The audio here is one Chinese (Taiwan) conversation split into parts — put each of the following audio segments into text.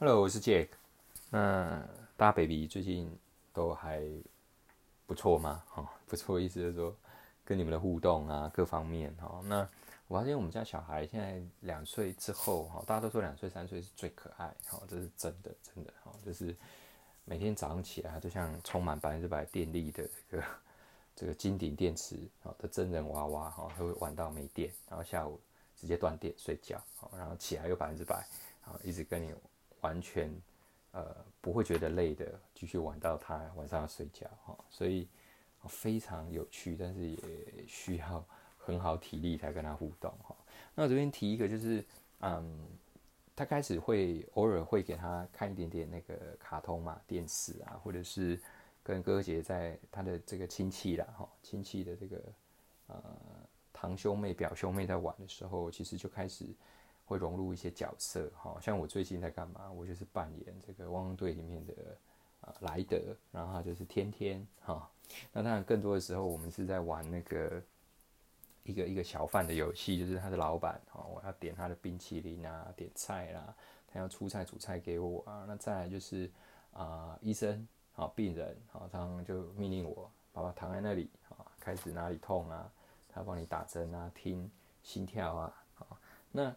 Hello，我是 Jack 那。那大 baby 最近都還不錯嗎？哈、哦，不錯，意思就是說跟你們的互動啊，各方面哈、哦。那我發現我們家小孩現在兩歲之後哈、哦，大家都說兩歲三歲是最可愛哈、哦，這是真的真的哈、哦，就是每天早上起來就像充滿百分之百電力的這個這個金頂電池啊、哦、的真人娃娃哈，他、哦、會玩到沒電，然後下午直接斷電睡覺、哦，然後起來又百分之百，然、哦、後一直跟你。完全，呃，不會覺得累的，繼續玩到他晚上要睡覺哈、哦，所以非常有趣，但是也需要很好體力才跟他互動哈、哦。那我這邊提一個，就是嗯，他開始會偶爾會給他看一點點那個卡通嘛、啊，電視啊，或者是跟哥哥姐姐在他的這個親戚啦，哈、哦，親戚的這個呃堂兄妹、表兄妹在玩的時候，其實就開始。會融入一些角色，哦、像我最近在幹嘛？我就是扮演這個汪汪隊裡面的啊萊、呃、德，然後就是天天哈、哦。那當然更多的時候，我們是在玩那個一個一個小販的遊戲，就是他的老闆哈、哦，我要點他的冰淇淋啊，點菜啦，他要出菜煮菜給我啊。那再來就是啊、呃、醫生啊、哦、病人啊，他、哦、就命令我爸爸躺在那裡啊、哦，開始哪裡痛啊，他幫你打針啊，聽心跳啊，哦、那。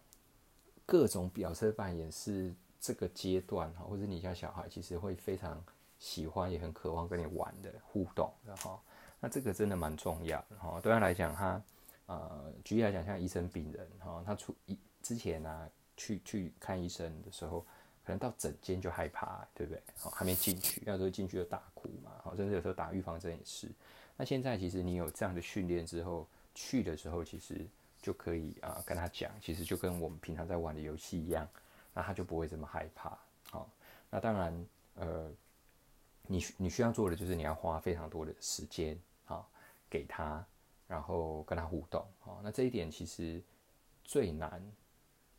各種角色扮演是這個階段哈，或者你家小孩其實會非常喜歡，也很渴望跟你玩的互動，然後那這個真的蠻重要的，然對他、呃、來講，他呃舉例來講像醫生病人哈，他出一之前呢、啊、去去看醫生的時候，可能到診間就害怕，對不對？還沒進去，那時候進去就大哭嘛，哦，甚至有時候打預防針也是。那現在其實你有這樣的訓練之後，去的時候其實。就可以啊，跟他講，其實就跟我們平常在玩的遊戲一樣，那他就不會這麼害怕。好、哦，那當然，呃，你你需要做的就是你要花非常多的時間啊、哦，給他，然後跟他互動。好、哦，那這一點其實最難，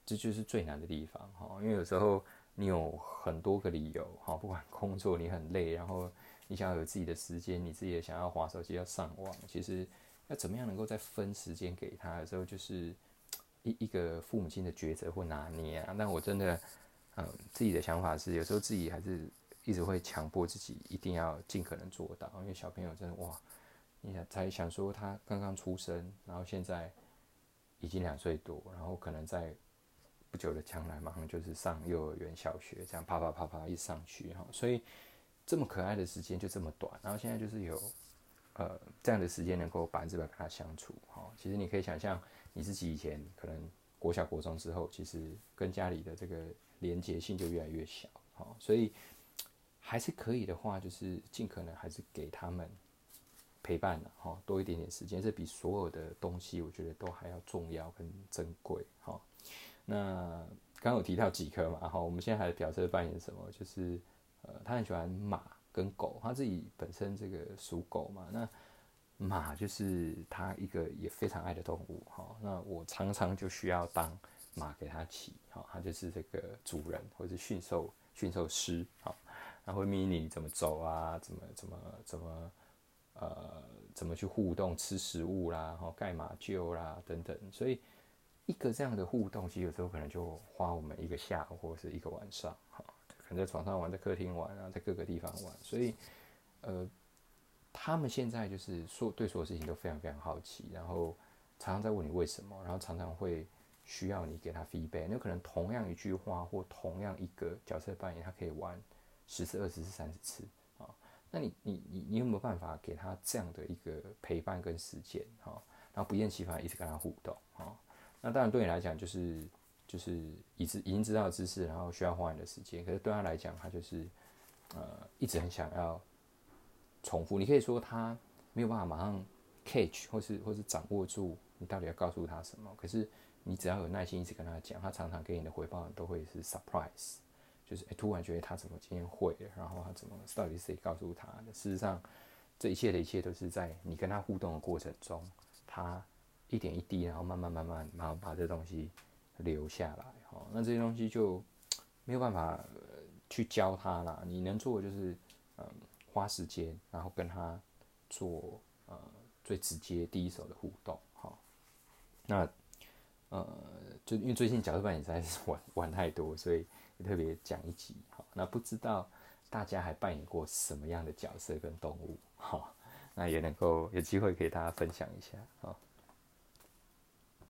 這就是最難的地方。好、哦，因為有時候你有很多個理由，好、哦，不管工作你很累，然後你想要有自己的時間，你自己也想要滑手機、要上網，其實。要怎麼樣能夠再分時間給他的時候，就是一一個父母親的抉擇或拿捏啊。但我真的，嗯，自己的想法是，有時候自己還是一直會強迫自己一定要盡可能做到，因為小朋友真的哇，你想才想說他剛剛出生，然後現在已經兩歲多，然後可能在不久的將來馬上就是上幼兒園、小學這樣啪啪啪啪啪一上去哈，所以這麼可愛的時間就這麼短，然後現在就是有。呃，這樣的時間能夠百分之百跟他相處，哈，其實你可以想象，你自己以前可能國小、國中之後，其實跟家裡的這個連接性就越來越小，哈，所以還是可以的話，就是盡可能還是給他們陪伴的，哈，多一點點時間，這比所有的東西，我覺得都還要重要跟珍貴，哈。那剛剛有提到幾顆嘛，哈，我們現在孩子的角色扮演什麼，就是呃，他很喜歡馬。跟狗，他自己本身這個屬狗嘛，那馬就是他一個也非常愛的動物，好、哦，那我常常就需要當馬給他騎，好、哦，他就是這個主人或者是馴獸馴獸師，好、哦，然後命令你怎麼走啊，怎麼怎麼怎麼呃，怎麼去互動，吃食物啦，然後蓋馬廄啦等等，所以一個這樣的互動，其實有時候可能就花我們一個下午或者是一個晚上，哈、哦。在床上玩，在客廳玩，然後在各個地方玩，所以，呃，他們現在就是說對所有事情都非常非常好奇，然後常常在問你為什麼，然後常常會需要你給他 feedback。那可能同樣一句話或同樣一個角色扮演，他可以玩十次、二十次、三十次啊、哦。那你你你你有沒有辦法給他這樣的一個陪伴跟時間哈、哦？然後不厭其煩一直跟他互動啊、哦？那當然對你來講就是。就是已知已經知道的知識，然後需要花你的時間。可是對他來講，他就是呃一直很想要重複。你可以說他沒有辦法馬上 catch 或是或是掌握住你到底要告訴他什麼。可是你只要有耐心一直跟他講，他常常給你的回報你都會是 surprise，就是、欸、突然覺得他怎麼今天會了，然後他怎麼到底誰告訴他的？事實上，這一切的一切都是在你跟他互動的過程中，他一點一滴，然後慢慢慢慢，然後把這東西，留下來哦，那這些東西就沒有辦法去教他啦。你能做的就是嗯，花時間，然後跟他做呃、嗯、最直接第一手的互動哈、喔。那呃、嗯、就因為最近角色扮演實在玩玩太多，所以特別講一集哈、喔。那不知道大家還扮演過什麼樣的角色跟動物哈、喔？那也能夠有機會給大家分享一下啊。喔